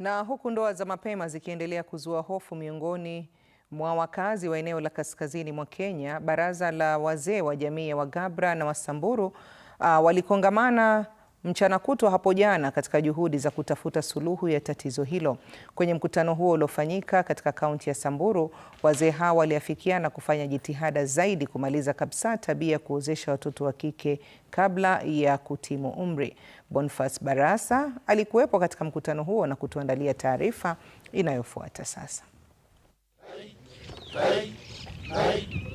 Na huku ndoa za mapema zikiendelea kuzua hofu miongoni mwa wakazi wa eneo la kaskazini mwa Kenya, baraza la wazee wa jamii ya Wagabra na Wasamburu uh, walikongamana mchana kutwa hapo jana katika juhudi za kutafuta suluhu ya tatizo hilo. Kwenye mkutano huo uliofanyika katika kaunti ya Samburu, wazee hao waliafikiana kufanya jitihada zaidi kumaliza kabisa tabia ya kuozesha watoto wa kike kabla ya kutimu umri. Boniface Barasa alikuwepo katika mkutano huo na kutuandalia taarifa inayofuata sasa. Hey, hey, hey.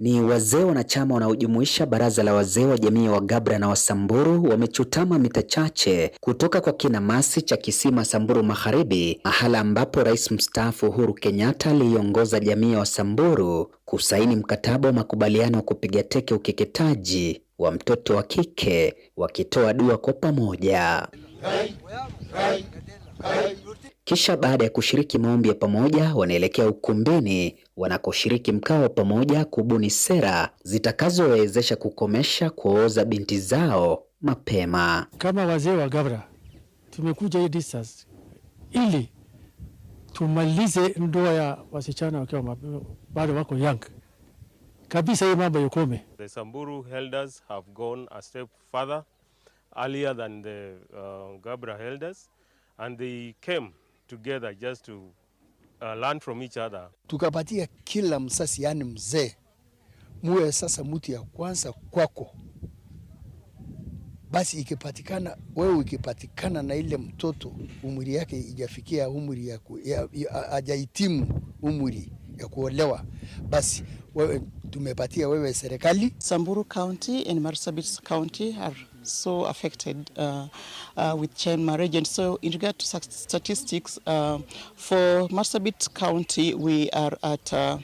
Ni wazee wanachama wanaojumuisha baraza la wazee wa jamii ya Wagabra na Wasamburu wamechutama mita chache kutoka kwa kinamasi cha kisima Samburu Magharibi, mahala ambapo rais mstaafu Uhuru Kenyatta aliiongoza jamii ya Wasamburu kusaini mkataba wa makubaliano wa kupiga teke ukeketaji wa mtoto wa kike, wakitoa dua kwa pamoja. Kisha baada ya kushiriki maombi ya pamoja, wanaelekea ukumbini wanakoshiriki mkao wa pamoja kubuni sera zitakazowezesha kukomesha kuoza binti zao mapema. Kama wazee wa Gabra tumekuja hii distance ili tumalize ndoa ya wasichana wakiwa bado wako young kabisa, hii mambo yukome The Samburu elders have gone a step further earlier than the uh, Gabra elders and they came together just to uh, learn from each other. Tukapatia kila msasi, yani mzee, muwe sasa mtu ya kwanza kwako. Basi ikipatikana wewe, ikipatikana na ile mtoto umri yake ijafikia umri ya, ya, ya ajahitimu umri ya kuolewa, basi wewe tumepatia wewe serikali. Samburu County and Marsabit County are so affected uh, uh, with chain marriage. And so in regard to statistics, uh, for Marsabit County, we are at uh,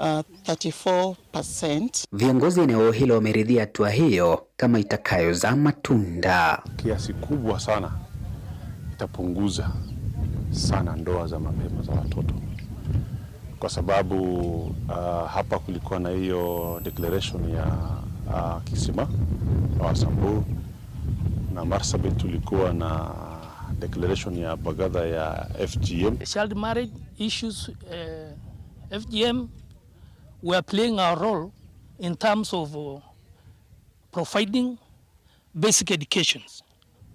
uh, 34%. Viongozi eneo hilo wameridhia hatua hiyo kama itakayozaa matunda. Kiasi kubwa sana itapunguza sana ndoa za mapema za watoto kwa sababu uh, hapa kulikuwa na hiyo declaration ya uh, kisima wa Wasambu na Marsabit tulikuwa na declaration ya Bagada ya FGM. Child marriage issues, uh, eh, FGM we are playing our role in terms of uh, providing basic education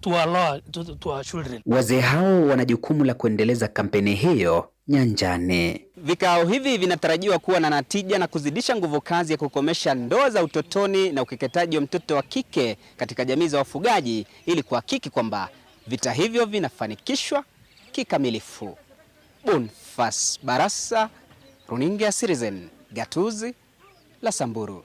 to our, to, to our children. Wazee hao wana jukumu la kuendeleza kampeni hiyo nyanjani. Vikao hivi vinatarajiwa kuwa na natija na kuzidisha nguvu kazi ya kukomesha ndoa za utotoni na ukeketaji wa mtoto wa kike katika jamii za wafugaji ili kuhakiki kwamba vita hivyo vinafanikishwa kikamilifu. Bonfas Barasa, Runinga Citizen, Gatuzi la Samburu.